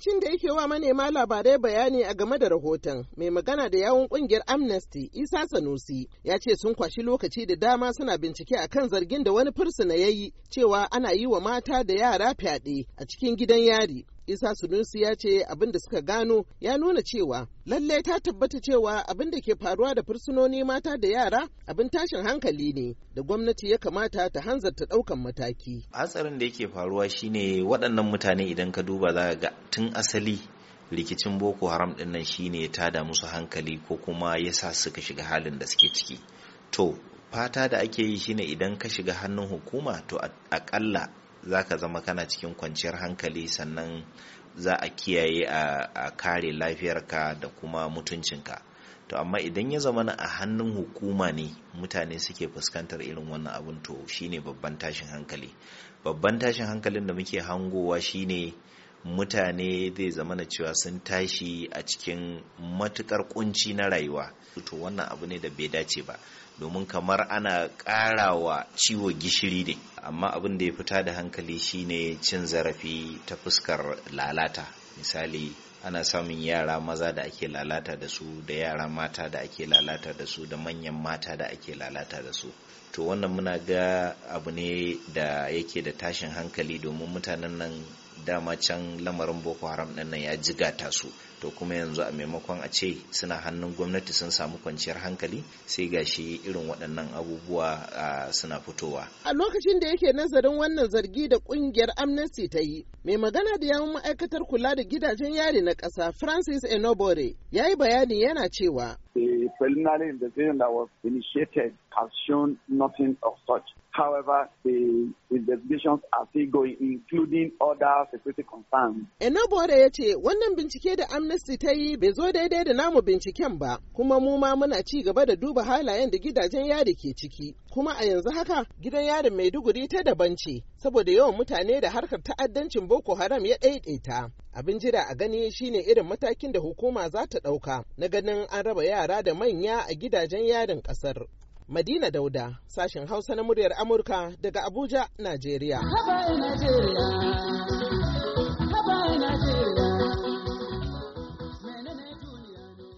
lokacin da yake wa manema labarai bayani a game da rahoton mai magana da yawun kungiyar amnesty isa sanusi ya ce sun kwashi lokaci da dama suna bincike a kan zargin da wani fursuna ya yi cewa ana yi wa mata da yara fyaɗe a cikin gidan yari isa sunusi ya ce abin da suka gano ya nuna cewa lalle ta tabbata cewa abin da ke faruwa da fursunoni mata da yara abin tashin hankali ne da gwamnati ya kamata ta hanzarta ɗaukan mataki hatsarin da yake faruwa shine waɗannan mutane idan ka duba za ga tun asali rikicin boko haram ɗin nan shine ya tada musu hankali ko kuma ya sa suka shiga halin da suke ciki to fata da ake yi shine idan ka shiga hannun hukuma to akalla za ka zama kana cikin kwanciyar hankali sannan za a kiyaye a kare lafiyarka da kuma mutuncinka to amma idan ya zama a hannun hukuma ne mutane suke fuskantar irin wannan abin, to shine babban tashin hankali babban tashin hankalin da muke hangowa shine mutane zai zama na cewa sun tashi a cikin matukar kunci na rayuwa to wannan abu ne da bai dace ba domin kamar ana karawa ciwo gishiri ne amma abin da ya fita da hankali shine cin zarafi ta fuskar lalata misali ana samun yara maza da ake lalata da su da yara mata da ake lalata da su da manyan mata da ake lalata da su to wannan muna ga abu ne da yake da tashin hankali domin mutanen nan dama can lamarin boko haram ɗin nan ya jigata su to kuma yanzu a maimakon a ce suna hannun gwamnati sun samu kwanciyar hankali sai gashi irin waɗannan abubuwa suna fitowa a lokacin da yake nazarin wannan zargi da kungiyar amnesty ta yi mai magana da yawun ma'aikatar kula da gidajen yari na ƙasa francis enobore ya yi bayani yana cewa eh, a preliminary investigation that was initiated has shown nothing of such. However, the investigations are still going, including other security concerns. Enabore ya ce wannan bincike da Amnesty ta yi bai zo daidai da namu binciken ba, kuma mu ma muna ci gaba da duba halayen da gidajen yari ke ciki. Kuma a yanzu haka gidan yarin Maiduguri ta daban ce, saboda yawan mutane da harkar ta'addancin Boko Haram ya ɗaiɗaita. abin jira a gani shine irin matakin da hukuma za ta ɗauka na ganin an raba yara da manya a gidajen yarin ƙasar. Madina Dauda, sashen Hausa na muryar Amurka daga Abuja, Najeriya.